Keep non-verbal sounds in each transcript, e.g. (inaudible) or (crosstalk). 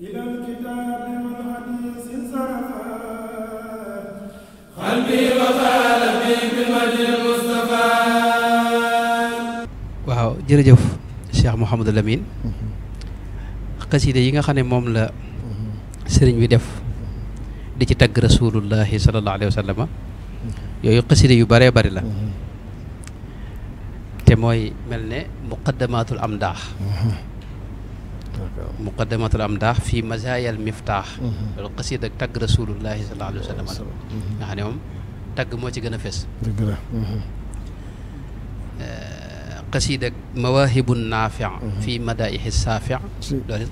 إلى الكتاب والحديث انصرفا قلبي وقال بي بالوجه المصطفى waaw jërëjëf Cheikh Mouhamadou Lamine xaside yi nga xam ne moom la sëriñ bi def di ci tagg rasulullahi sallallahu alayhi wa sallam yooyu xaside yu bëree bëri la te mooy mel ne muqaddamatul am daax مقدمه الامداح في مزايا المفتاح القصيده تاج رسول الله صلى الله عليه وسلم يعني هم تاج آه، مو تي قصيده مواهب النافع في مدائح السافع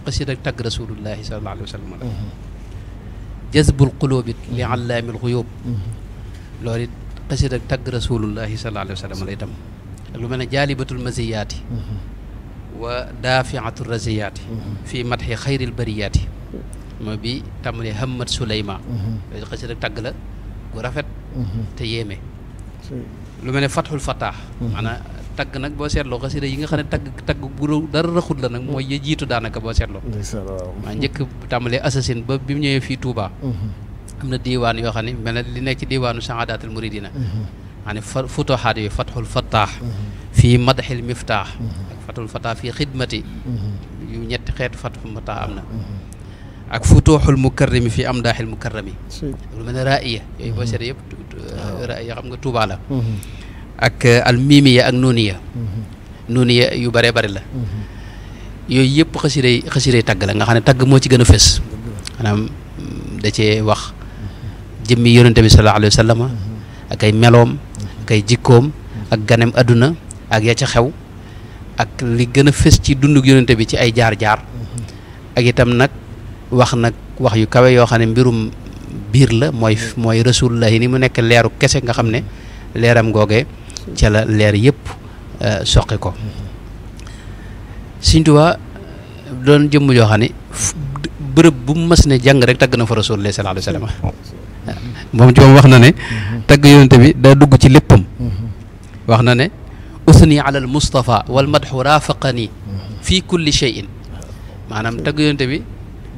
قصيدة تاج رسول الله صلى الله عليه وسلم جذب القلوب لعلام الغيوب لوريت قصيده تاج رسول الله صلى الله عليه وسلم لو من جالبه المزيات ودافعة الرزيات في مدح خير البريات ma bi tàmbalee Hamad Souleymane. yooyu xëy rek tàgg la gu rafet. te yéeme. lu mel ne Fathul Fattah. maanaam tagg nag boo seetloo xasida yi nga xam ne tagg tagg bu dara raxut la nag mooy ya jiitu daanaka boo seetloo. maa njëkk tàmbalee assasine ba bi mu ñëwee fii Touba. am na diiwaan yoo xam ne mel na li nekk ci diiwaanu Saadatul Muridina. maanaam fa futuhaat yooyu Fathul Fattah. fii Madhil Miftah. فتح الفتاح في خدمتي يونيت خير فتح المتاع أمنا أك فتوح المكرم في أمداح المكرمي من رأيه يبي بشر يب رأيه قام قطوب على أك الميمي يا أنونية نونية يبرة برة لا يجيب خشري خشري تقبل عن خانة تقبل موتى جنوفس أنا دشة وق جمي يرن تبي صلى الله عليه وسلم أكاي ملوم أكاي جيكوم أك جنم أدنى أك يا تخاو ak li gëna a ci dunduk yonente bi ci ay jaar-jaar mhm. ak itam nak wax nak wax yu kawé yo xamné mbirum bir la moy moy mhm. rasulullah ni mu nek leeru kese nga xamné mhm. leeram gogé ci la leer yépp euh, soxé ko Sëñ doon jëm yo xamné bërepp bu mu mës jang rek tag na fa rasulullah sallallahu alayhi wasallam mom wax na ne tag yonente bi da dugg ci leppam wax na ne أثني على المصطفى والمدح رافقني في كل شيء maanaam tagg yonent bi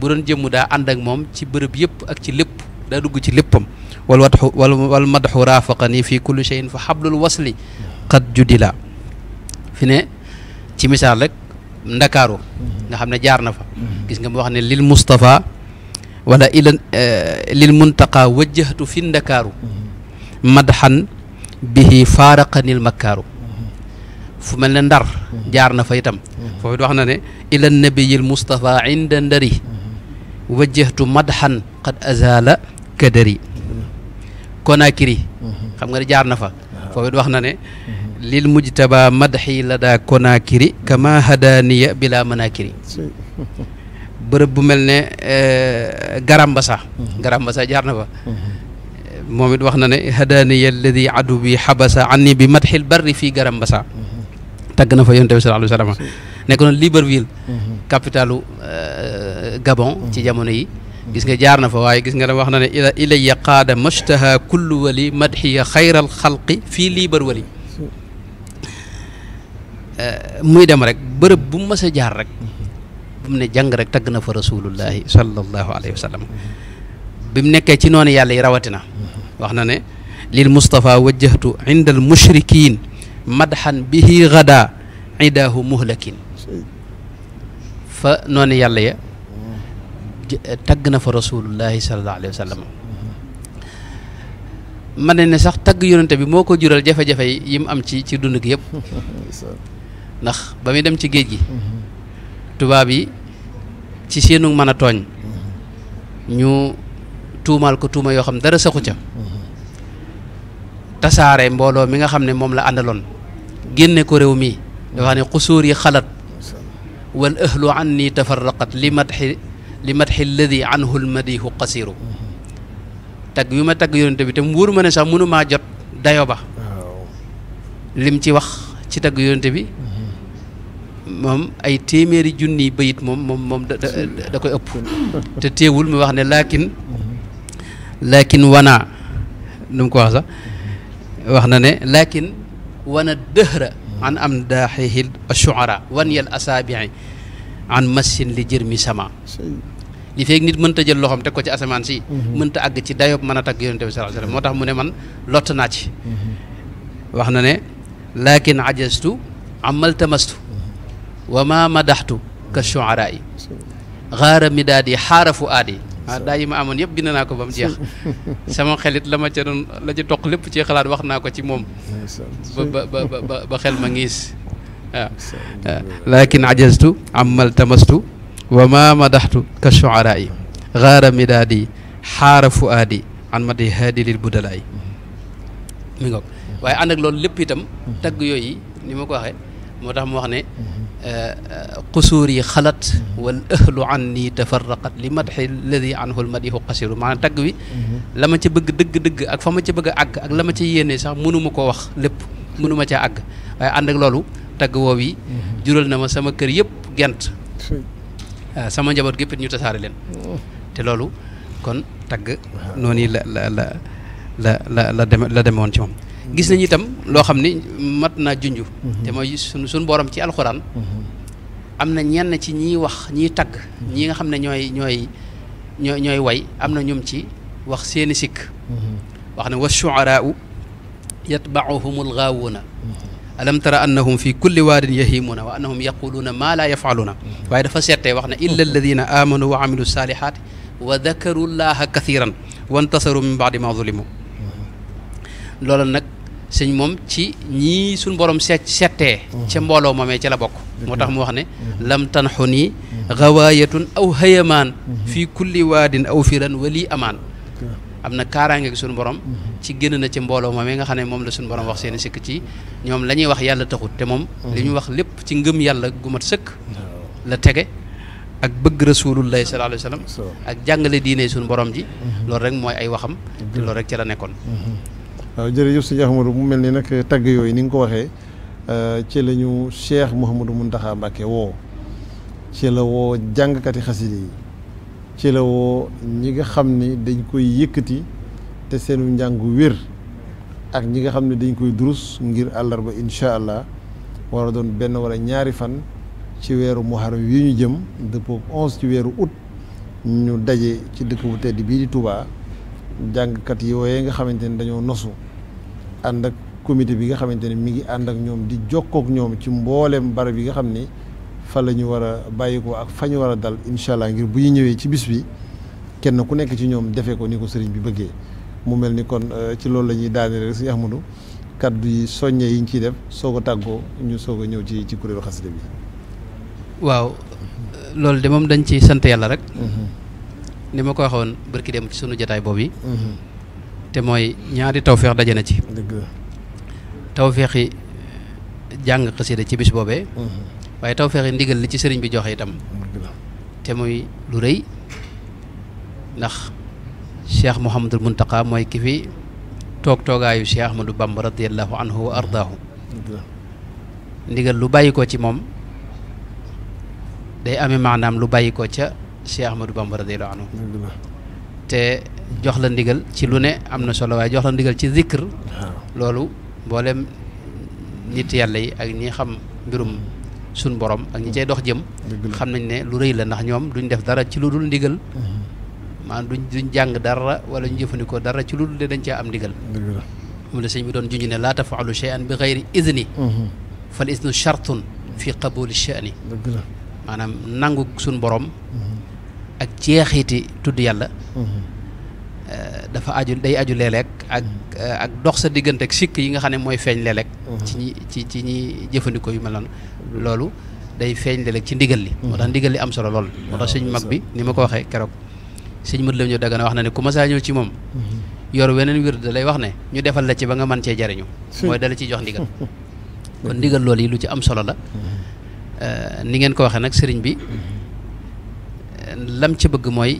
bu doon jëmm daa ànd ak moom ci bërëb yëpp ak ci lépp daa dugg ci léppam wal watxu wal wal madxu raafaqani fii kulli cheyin fa xablul wasli qad judila fi ne ci misaal rek ndakaaru nga xam ne jaar na fa gis nga mu wax ne lil mustafa wala ila lil muntaqa wajjahtu fi ndakaaru madxan bihi faaraqanil makkaaru fu mel ne ndar jaar na fa itam foofu it wax na ne ila nabiyil mustafa inda ndari wajjahtu madhan qad azala kadari konakiri xam nga jaar na fa foofu it wax na ne lil mujtaba madhi lada konakiri kama hadaniya bila manakiri bërëb bu mel ne garambasa garambasa jaar na fa moom it wax na ne hadaniya alladi adu bi xabasa anni bi madhil barri fii garambasa tagna fa yonte sallallahu alayhi wasallam nekone liberville noonu capitalu Gabon ci jamono yi gis nga jaar na fa way gis nga da wax na ne ila yaqada mashtaha kullu wali madhi xayral xalqi fii liibar wali muy dem rek beurep bu ma sa jaar rek bu ne jàng rek tagna fa rasulullah sallallahu alayhi wasallam bim nekké ci non yàlla yi rawatina wax na ne lil mustapha wajjahtu inda al mushrikin madhan bihi gada idaahu muhlakin fa noonu yàlla ya tagg na fa rasulullahi sallallahu alayhi wa sallam ma ne ne sax tagg yonente bi moo ko jural jafe-jafe yi mu am ci ci dund gi yëpp (laughs) ndax ba muy dem ci géej gi mm-hmm. tubaab yi ci seenu mën a tooñ mm-hmm. ñu tuumaal ko tuuma yoo xam dara saxu ca mm-hmm. tasaare mbooloo mi nga xam ne moom la àndaloon génne ko réew mi dafa ne xusuur yi xalat wal ahlu an nii tafarraqat li matxi li matxi alladi anhu lmadihu qasiru tagg yu ma tagg yonente bi te mu wóor ma ne sax mënumaa jot dayo ba lim ci wax ci tagg yonente bi moom ay téeméeri junni bayit moom moom moom da koy ëpp te téewul mu wax ne laakin laakin wana nu mu ko wax sax wax na ne laakin ون الدهر عن أمداحه الشعراء وني الأسابع عن مس لجرم سما li feeg nit mënta jël loxoom teg ko ci asamaan si mënta àgg ci dayob mën a tagg yonente bi sallallahu alayhi wasallam moo tax mu ne man lott naa ci wax na ne lakin ajastu amal tamastu wa ma madaxtu ka shuaraa yi xaara midaadi xaara fu aadi ah ma amoon yëpp bind naa ko ba mu jeex (laughs) sama xelit la ma ca doon la lépp ci xalaat wax naa ko ci moom ba ba xel ma ngiis waaw ah. ah. lakin ajaztu amal tamastu wa ma madaxtu ka shuaraai gaara midaadi xaara fuaadi an madi haadi budalaay mi ngoog waaye ànd loolu lépp itam mm-hmm. tagg yooyu ni ma ko waxee moo tax mu wax ne mm-hmm. قصوري خلت والاهل عني تفرقت لمدح الذي عنه المديح قصير ما تقوي لما تي بغ دغ دغ اك فما تي اك اك لما تي ييني صاح منو مكو واخ لب منو ما تي اك واي اندك لولو تاغ ووي جورل نما سما كير ييب غنت آه، سما جابوت غيب نيو تساري لين تي لولو كون تاغ نوني لا لا لا لا لا لا لا لا لا gis nañ itam lo xamni mat na junj. te moy suñ sun borom ci alxuraan. amna ñenn ci ñi wax ñi tag ñi nga xamne ñoy ñoy ñoy ñooy way amna ñum ci wax seeni sik wax ne wa yatbauhumul ghawuna alam tara annahum fi kulli wadin yahimuna wa annahum yaquluna ma la yaf'aluna way dafa sété wax illa alladhina amanu wa amilu salihat wa dhakaru llaha kathiran wa intasaru min ba'di ma zulimu lolal nak sëñ moom ci ñii suñ borom set settee ca mbooloo moomee ca la bokk moo tax mu wax ne lam yi nii gawaayatun aw hayamaan fii kulli waadin aw firan wali amaan am na kaaraange gi suñu borom ci génn na ci mbooloo moomee nga xam ne moom la suñu borom wax seeni sikk ci ñoom lañuy wax yàlla taxut te moom li ñu wax lépp ci ngëm yàlla gu mat sëkk la tege ak bëgg rasulullahi sallallahu alayhi wa sallam ak jàngale diine suñu borom ji loolu rek mooy ay waxam te nekkoon waaw jërëjëf sëñ Ahmadou mu mel ni nag tagg yooyu ni nga ko waxee euh, ci la ñu Cheikh Mouhamadou Mountakha Mbacké woo ci la woo jàngkati xasida yi ci la woo ñi nga xam ni dañ koy yëkkati te seenu njàng wér ak ñi nga xam ne dañ koy durus ngir àllarba incha allah war a doon benn wala ñaari fan ci weeru muharram yi ñu jëm dëppoo 11 ci weeru août ñu daje ci dëkk bu tedd bii di Touba jàngkat yi yooyee nga xamante ni dañoo nosu ànd ak comité bi nga xamante ne mi ngi ànd ak ñoom di jokkook ñoom ci mbooleem barab yi nga xam ni fa la ñu war a bàyyikoo ak fa ñu war a dal incha allah ngir bu ñu ñëwee ci bis bi kenn ku nekk ci ñoom defee ko ni ko sëriñ bi bëggee mu mel ni kon euh, ci loolu la ñuy daane rek suñu Ahmadou kaddu yi soññee yi ñu ciy def soog a tàggoo ñu soog a ñëw ci ci kuréelu xasida bi. waaw loolu de moom dañ ci sant yàlla rek. Mm-hmm. ni ma ko waxoon barki dem ci sunu jotaay boobu yi. Mm-hmm. te mooy ñaari tawféex daje na ci. tawféexi jàng xasida ci bis boobe mhm. waaye tawféexi ndigal li ci sëriñ bi joxe itam. te muy lu rëy ndax cheikh Mouhamadul Muntaqa mooy ki fi toog toogaayu cheikh Ahmadou Bamba radiyallahu anhu wa ardaahu. ndigal lu bàyyi ko ci moom day amee maanaam lu bàyyi ko ca cheikh Ahmadou Bamba radiyallahu anhu te. jox la ndigal ci lu ne am na solo waaye jox la ndigal ci zikr ah. loolu mboolem nit yàlla yi ak ñi xam mbirum suñ borom ak ñi cee dox jëm xam nañ ne lu rëy la ndax ñoom duñ def dara ci lu dul ndigal mhm. maanaam duñ duñ jàng dara wala ñu jëfandikoo dara ci lu dul de dañ caa am ndigal moom la sëñ bi doon junj ne laa tafaalu cheyan bi xeyri izni mhm. fal isnu chartun fi qabuli chani maanaam nangu suñ borom mhm. ak jeexiti tudd yàlla Euh, dafa aju day aju léeg ak euh, ak dox sa diggante ak sikk yi nga xam ne mooy feeñ léeg-léeg mhm. ci ñi ci ci ñi jëfandikoo yu mel noonu loolu day feeñ léeg-léeg ci ndigal li moo tax mhm. ndigal li am solo lool moo tax sëñ mag bi ni ma ko waxee keroog sëñ mët lam ñu dagana wax na ne ku ma saa ñëw ci moom mhm. yor weneen wird da lay wax ne ñu defal la ci ba nga man cee jariñu mooy dala ciy jox ndigal (laughs) kon ndigal lool yi lu ci am solo la euh, ni ngeen ko waxee nag sëriñ bi lam ci bëgg mooy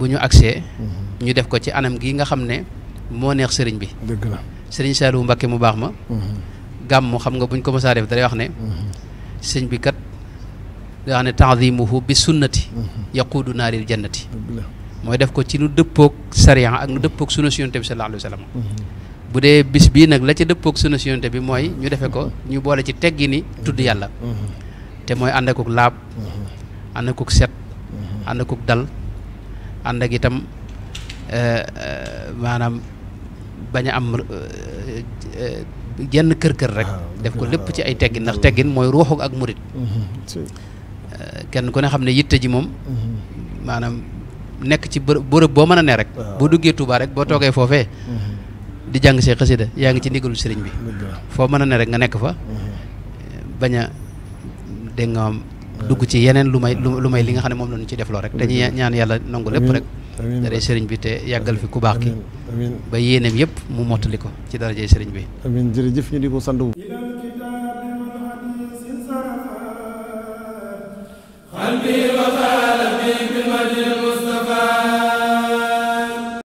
bu ñu agsee mhm. ñu def ko ci anam gi nga xam ne moo neex sëriñ bi dëgg la sëriñ Saliou Mbacké mu baax ma mhm. gàmm xam nga buñ ko mësaa def day wax ne mhm. sëñ bi kat day wax ne ta'zimuhu bi sunnati yaquudu naaril jannati mooy def ko ci nu dëppoog sariya ak nu dëppoog sunna si yonte bi sallallahu alayhi bu dee bis bii nag la ca dëppook sunna si bi mooy ñu defe ko ñu boole ci teggi ni tudd yàlla te mooy ànd akook laab ànd akook set ànd akook dal anda kita eh, eh, mana banyak bañ a am eh, jenn kër-kër rek ah, def ko lepp ci ay teggin ndax teggin moy ruuxu ak mourid mhm, kenn ko ne xamne yitte ji mom manam mhm. nek ci bërëb bo meuna ne rek ah. bo duggee Touba rek bo fofé mhm. di jang see ci ndigalu serigne bi fo meuna ne rek nga nek fa baña dengam dugg ci yeneen lu may lu may li nga xam ne moom la ñu ci defloo rek dañuy ñaan yàlla nangu lépp rek daree sëriñ bi te yàggal fi ku baax ki ba yéeneem yëpp mu mottali ko ci darajee sëriñ bi